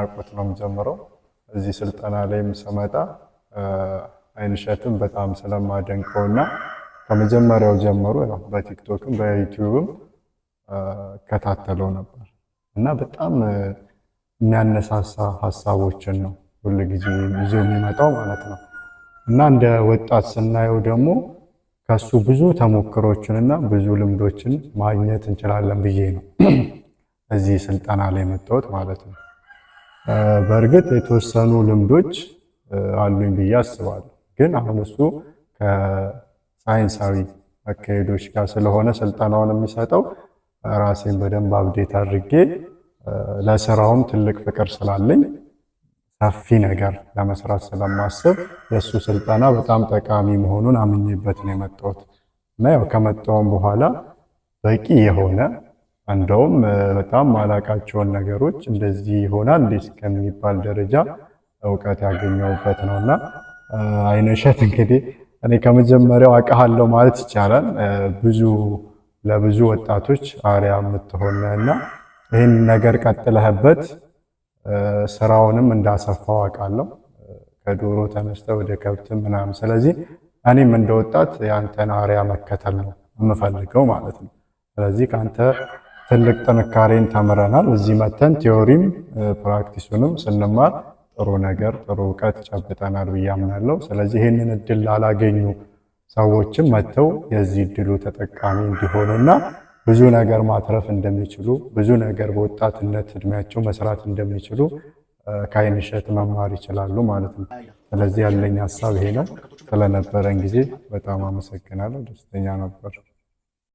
ከናርቆት ነው የምጀምረው። እዚህ ስልጠና ላይም ስመጣ አይንሸትም በጣም ስለማደንቀው እና ከመጀመሪያው ጀምሮ ያው በቲክቶክም በዩቲዩብም ከታተለው ነበር እና በጣም የሚያነሳሳ ሀሳቦችን ነው ሁሉ ጊዜ ይዞ የሚመጣው ማለት ነው እና እንደ ወጣት ስናየው ደግሞ ከሱ ብዙ ተሞክሮችንና ብዙ ልምዶችን ማግኘት እንችላለን ብዬ ነው እዚህ ስልጠና ላይ መጣሁት ማለት ነው። በእርግጥ የተወሰኑ ልምዶች አሉኝ ብዬ አስባለሁ። ግን አሁን እሱ ከሳይንሳዊ አካሄዶች ጋር ስለሆነ ስልጠናውን የሚሰጠው ራሴን በደንብ አብዴት አድርጌ ለስራውም ትልቅ ፍቅር ስላለኝ ሰፊ ነገር ለመስራት ስለማስብ የእሱ ስልጠና በጣም ጠቃሚ መሆኑን አምኜበት ነው የመጣሁት እና ያው ከመጣሁም በኋላ በቂ የሆነ እንደውም በጣም ማላቃቸውን ነገሮች እንደዚህ ይሆናል እስከሚባል ደረጃ እውቀት ያገኘውበት ነውና አይነሸት እሸት እንግዲህ እኔ ከመጀመሪያው አውቃለሁ ማለት ይቻላል። ብዙ ለብዙ ወጣቶች አሪያ የምትሆነ እና ይህን ነገር ቀጥለህበት ስራውንም እንዳሰፋው አውቃለሁ። ከዶሮ ተነስተ ወደ ከብት ምናምን። ስለዚህ እኔም እንደ ወጣት የአንተን አሪያ መከተል ነው የምፈልገው ማለት ነው። ስለዚህ ከአንተ ትልቅ ጥንካሬን ተምረናል። እዚህ መተን ቲዮሪም ፕራክቲሱንም ስንማር ጥሩ ነገር ጥሩ እውቀት ጨብጠናል ብዬ አምናለሁ። ስለዚህ ይህንን እድል ላላገኙ ሰዎችም መጥተው የዚህ እድሉ ተጠቃሚ እንዲሆኑና ብዙ ነገር ማትረፍ እንደሚችሉ ብዙ ነገር በወጣትነት እድሜያቸው መስራት እንደሚችሉ ከአይን እሸት መማር ይችላሉ ማለት ነው። ስለዚህ ያለኝ ሀሳብ ይሄ ነው። ስለነበረን ጊዜ በጣም አመሰግናለሁ። ደስተኛ ነበር።